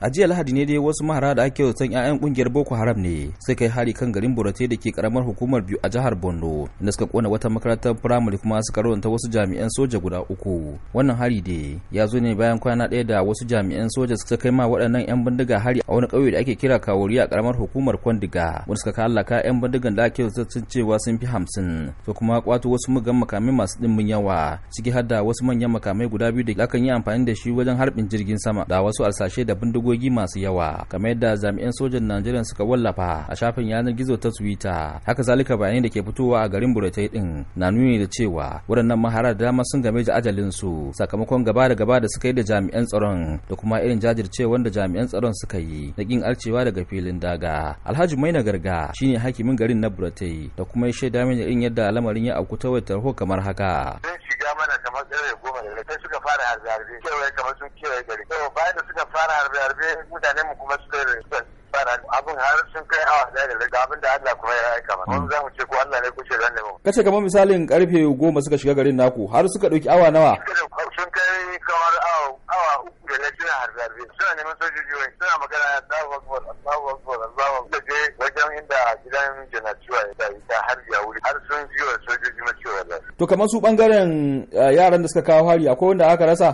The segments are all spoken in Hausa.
a jiya lahadi ne dai wasu mahara da ake zaton 'ya'yan kungiyar boko haram ne sai kai hari kan garin borate da ke karamar hukumar biyu a jihar borno inda suka kona wata makarantar firamare kuma suka rawanta wasu jami'an soja guda uku wannan hari dai ya zo ne bayan kwana ɗaya da wasu jami'an soja suka kai ma waɗannan 'yan bindiga hari a wani ƙauye da ake kira kawuri a karamar hukumar kwandiga wanda suka laka 'yan bindigan da ake zaton cewa sun fi hamsin to kuma kwato wasu mugan makamai masu ɗimbin yawa ciki har da wasu manyan makamai guda biyu da akan yi amfani da shi wajen harbin jirgin sama da wasu alsashe da bindigo bindigogi masu yawa kamar yadda jami'an sojan Najeriya suka wallafa a shafin yanar gizo ta Twitter haka zalika bayanai da ke fitowa a garin Buratai din na nuni da cewa waɗannan mahara da dama sun game da ajalin su sakamakon gaba da gaba da suka yi da jami'an tsaron da kuma irin jajircewar da jami'an tsaron suka yi da kin arcewa daga filin daga Alhaji Maina Garga shine hakimin garin na Buratai da kuma ya shaida mini irin yadda lamarin ya auku ta wayar tarho kamar haka sun shiga mana kamar goma da suka ga abin da Allah kuma ya aika mana mm. zamu ce ko Allah ne ko ce zan nemo kace kamar misalin karfe goma suka shiga garin naku har suka dauki awa nawa sun kai kamar awa uku da na tuna har zarbe suna neman sojoji wai suna magana Allahu akbar Allahu akbar Allahu akbar je wajen inda gidan janatuwa ya dai ta har ya wuri har sun jiwa sojoji ma cewa to kamar su bangaren eh, yaran da suka kawo hari akwai wanda aka rasa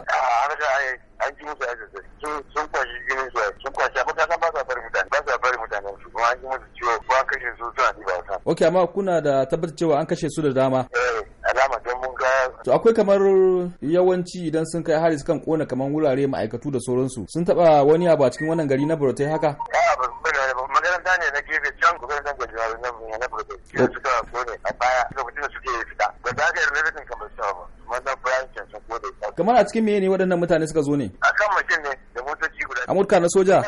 ok amma kuna da tabbatar cewa an kashe su da dama eh, alama don mun ga to akwai kamar yawanci idan sun kai hari sukan kona kamar wurare ma'aikatu da sauransu sun taba wani abu a cikin wannan gari na Borotai haka makaranta ne na gefe can kusa nan gwaji na na Borotai eh. suka kone a baya lokacin da suke fita da zagayar na bitin kamar su ba wannan branch sun kone kamar a cikin meye ne waɗannan mutane suka zo ne A kan mashin ne da motoci guda a mutka na soja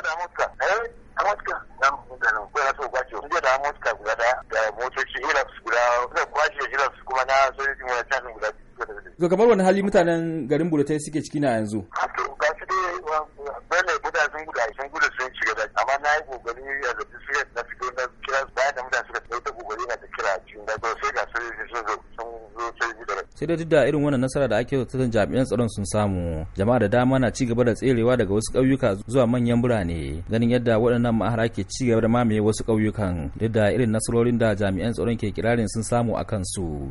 sojojin wani kamar wani hali mutanen garin Buratai suke ciki na yanzu? To a na fito na kira da dai duk da irin wannan nasara da ake zan jami'an tsaron sun samu jama'a da dama na cigaba da tserewa daga wasu ƙauyuka zuwa manyan birane ganin yadda waɗannan ma'ara ke cigaba da mamaye wasu ƙauyukan duk da irin nasarorin da jami'an tsaron ke kirarin sun samu a kansu.